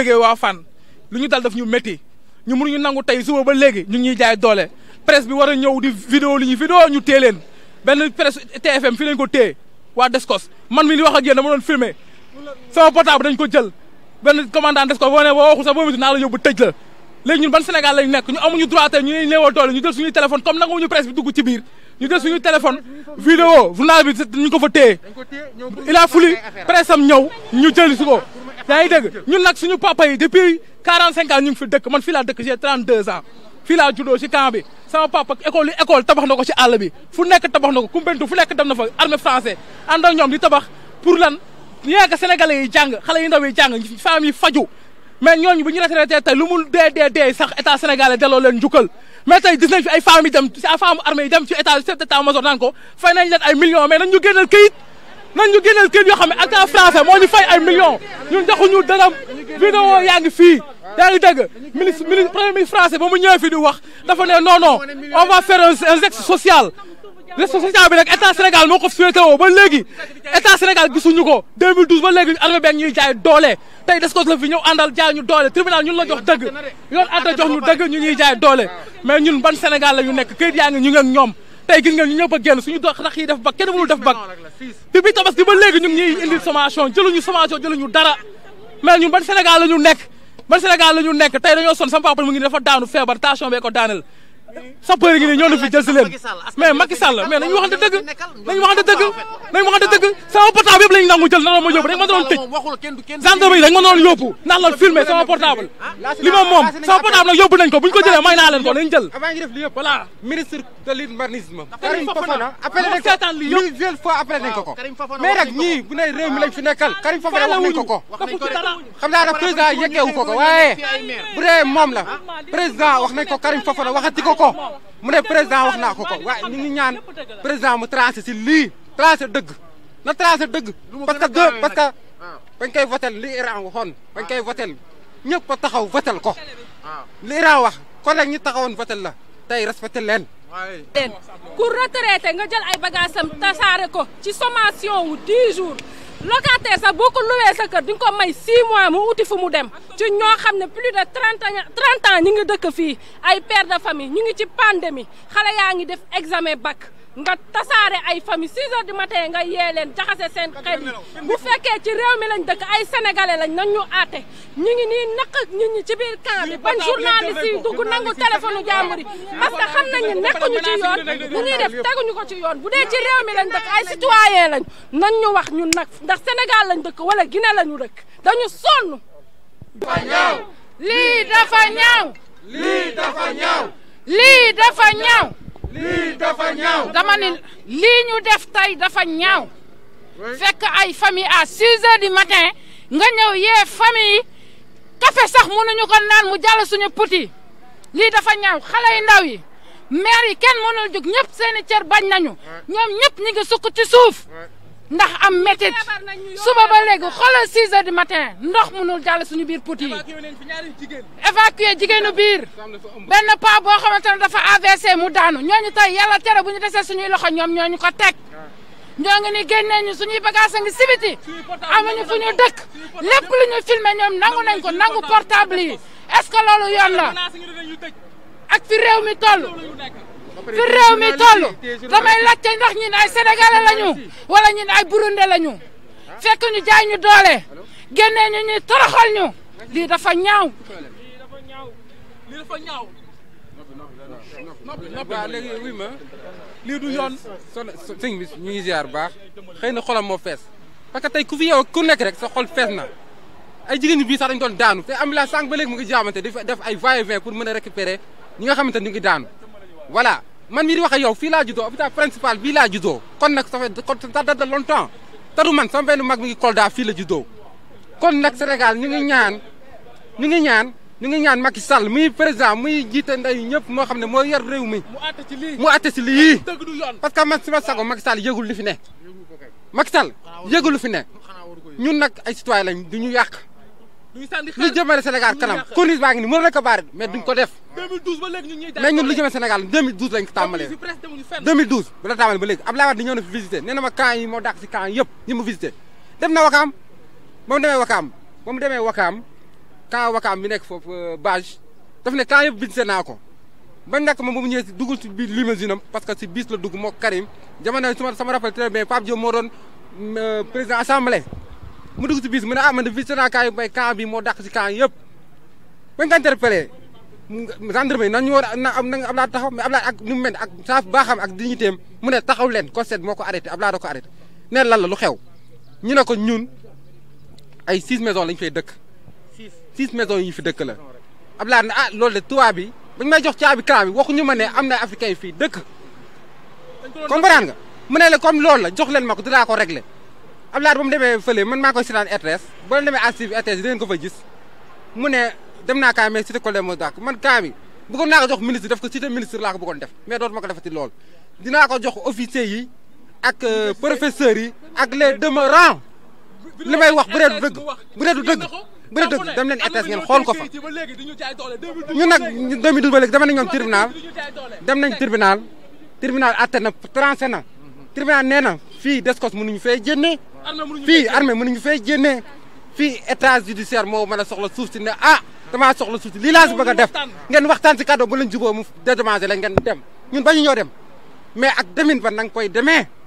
bëggee waa Fann lu ñu dal daf ñu métti ñu mënuñu nangu tey suba ba léegi ñu ngi ñuy jaay doole presse a ñëw di vidéo li ñu vidéo ñu téye leen benn presse TFM fi ko téye waa Descos man mi li wax ak yéen dama doon filmer sama ko jël benn commandant Descos boo ne boo waxu ñun ban Sénégal lañ nekk ñu amuñu droit tey ñu ne néewal doole ñu jël suñuy téléphone comme nanguwuñu presse bi dugg ci biir ñu jël suñuy téléphone vidéo journal bi ñu ko fa téye il a fallu presse am ñu jël yaa ngi dégg ñun nag suñu papa yi depuis 45 ans ñu fi dëkk man fii laa dëkk j'ai 32 ans fii laa juddoo ci camp bi sama papa école yi tabax na ko ci àll bi fu nekk tabax na ko Koumpentoum fu nekk dem na fa armée français ànd ñoom di tabax pour lan rien que sénégalais yi jàng xale yi ndaw yi jàng femmes yi faju mais ñooñu bu ñu retraité tey lu mu dee dee dee sax état sénégalais delloo leen njukkal mais tey gis nañ fi ay femmes yi dem ci ay femmes armée yi dem nañ leen ay millions nan ñu génneel kayit yoo xam ne état français moo ñu fay ay millions ñun joxuñu dara vidéo yaa ngi fii yaa ngi dégg ministre ministre premier ministre français ba mu ñëwee di wax dafa ne non non on va faire un geste social geste social bi nag état moo ko féete woo ba léegi état Sénégal gisuñu ko 2012 ba léegi armée beeg ñuy jaay doole tey des ko la fi ñëw àndal jaay ñu doole tribunal ñun la jox dëgg yoon àtte jox ñu dëgg ñu ñuy jaay doole mais ñun ban Sénégal la ñu nekk kayit yaa ngi ñu ngi ak ñoom ñu ñëpp a génn suñu bi bi tabaski ba léegi ñu ngi ñuy indil sommation jëluñu sommation jëluñu dara mais ñun ban Sénégal la ñu nekk ban Sénégal la ñu nekk tey dañoo son sama papa mu ngi dafa daanu feebar tension bee ko daaneel sapeur yi ngi nii ñoo fi jël si leen mais Macky Sall mais nañu waxante dëgg nañu waxante dëgg nañu waxante dëgg sama nangu jël nan la ma yóbbu dañ ma doon tëj gendarmerie dañ ma doon yóbbu naan la filmer sama portable li ma moom sama portable nag yóbbu nañ ko ko jëlee may ko jël avant ngi naa nag ko ko waaye bu ko mu ne président wax naa ko ko waaye ñu ngi ñaan président mu tracé si lii tracé dëgg na tracé dëgg parce que de parce que bañ koy votel li Iran waxoon bañ koy votel ñëpp ko taxaw votel ko li Iran wax collègue ñi taxawoon votel la tey respecté leen leen ku retraité nga jël ay bagage am tasaare ko ci sommation wu 10 locataire sa boo ko luwee sa kër di ko may 6 mois mu uti fu mu dem ci ñoo xam ne plus de 30 ans 30 ans ñu ngi dëkk fii ay père de famille ñu ngi ci pandémie xale yaa ngi def examen bac. nga tasaare ay famille six heures du nga yee leen jaxase seen xel yi bu fekkee ci réew mi lañ dëkk ay sénégalais lañ nañ ñu aate ñu ngi nii naq nit ñi ci biir camp bi ban journaliste yi dugg nangu téléphone jàmbur yi parce que xam nekkuñu ci yoon bu ñuy def teguñu ko ci yoon bu dee ci réew mi lañ dëkk ay citoyen lañ nañ ñu wax ñun nag ndax Sénégal lañ dëkk wala Guinée lañu dëkk dañu sonn dafa ñaaw lii dafa ñaaw lii dafa ñaaw lii dafa ñaaw lii dafa ñaaw. dama ni lii ñu def tey dafa ñaaw. fekk ay famille à 6 heures du matin nga ñëw yee famille café sax mënuñu ko naan mu jàll suñu puti lii dafa ñaaw xale yu ndaw yi maire yi kenn mënul jug ñëpp seeni cër bañ nañu ñoom ñëpp ñi ngi sukk ci suuf. métit suba ba léegi xoolal 6 heures du matin ndox mënul jàll suñu biir put yi évacuer jigéenu biir benn paa boo xamante ne dafa AVC mu daanu ñooñu tey yàlla tere bu ñu desee suñuy loxo ñoom ñooñu ko teg ah. ñoo ngi ni génnee ñu suñuy bagage a ngi sibiti amuñu fu ñu dëkk lépp lu ñu filmé ñoom nangu nañ ko nangu portable yi est-ce que loolu yoon ak fi réew mi toll fi réew mi toll damay laajte ndax ñun ay sénégalais lañu wala ñun ay burundais lañu ah. fekk ñu jaay ñu doole génnee ñu ñuy toroxal ñu lii dafa ñaaw. lii dafa ñaaw. waaw ma lii du yoon. son sëñ bi ñu ngi ziar baax xëy na xolam moo fees parce que tey ku fi yow nekk rek sa xol fees na. ay jigéen bii sax dañu doon daanu te ambulance sànq ba léegi mu ngi dafa def ay va et vient pour mën a récupérer ñi nga xamante ni ñu ngi daanu voilà. man mii di wax ak yow fii laa juddoo hôpital principal bii laa juddoo kon nag ça fait kon ça date de longtemps taru man sama benn mag mi ngi Kolda fii la juddoo kon nag Sénégal ñu ngi ñaan ñu ngi ñaan ñu ngi ñaan Macky Sall muy président muy jiite nday ñëpp moo xam ne moo yar réew mi. mu àtte ci lii mu àtte ci lii parce que man si ma sago Macky Sall yëgul li fi ne. Macky Sall yëgul li fi ne ñun nag ay citoyen lañ du ñu yàq. lu jëmale Sénégal kanam corniche baa ngi nii mën na ko baare mais duñ def. 2012 ba léegi ñun ñuy mais ñun lu la ba léegi Abdoulaye Wade ñëw na fi visité ma camp yi moo dàq si camp yëpp ñi na Wakaam ba mu demee Wakaam ba mu demee Wakaam camp Wakaam bi nekk foofu euh, bâche daf ne camp yëpp visité naa ko bañ nekk moom ba mu ñëwee si dugul si biir parce que si bis la dugg moo Karim jamono sama sama rappel très bien Pape Diop moo doon euh, président assemblée mu dugg si bis mu ne ah man de visite naa kaayu mbéy camp bi moo dàq si camp mu bañ ko interpellé gendarmerie nañu war na am na Ablaye taxaw mais Ablaye ak nu mu mel ak saaf baaxam ak dignitéem mu ne taxaw leen constat moo ko arrêté Ablaye da ko arrêté ne la lu xew ñu ne ko ñun ay six maisons lañ fay dëkk six maisons yi fi dëkk la Ablaye ne ah loolu de tubaab bi bañ may jox caabi camp bi waxuñu ma ne am na africain fii dëkk comprendre nga mu ne la comme loolu la jox leen ma ko dinaa ko réglé Abdoulaye ba mu demee fële man maa koy seetaan RTS boo leen demee ASTV RTS di ko fa gis mu ne dem naa kaa mais cité collègue moo man kaa mi bëggoon naa ko jox ministre def ko cité ministre laa ko bëggoon def mais dootuma ko defati lool. dinaa ko jox officier yi ak euh, professeurs yi ak les demeurants li wax bu dee du dëgg bu dee du dëgg bu dem leen RTS ngeen xool ko fa ñun nag 2012 ba léegi dem nañ ñoom tribunal dem nañ tribunal tribunal atte na tranché na tribunal nee na fii Descos mënuñu fee jëndee. fii armée mënuñu fee génne fii état judiciaire moo mën a soxla suuf si ne ah damaa soxla suuf si lii laa si bëgg a def ngeen waxtaan si kàddoo ba leen jubóo mu dédommagé la ngeen dem ba bañu ñoo dem mais ak demin ba na nga koy demee